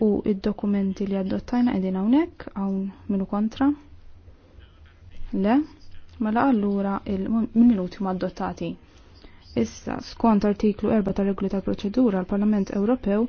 u id-dokumenti li adottajna għedin hawnhekk hawn minu kontra. Le, mela allura il-minuti ma adottati. Issa, skont artiklu 4 tal-regoli tal-proċedura, l-Parlament Ewropew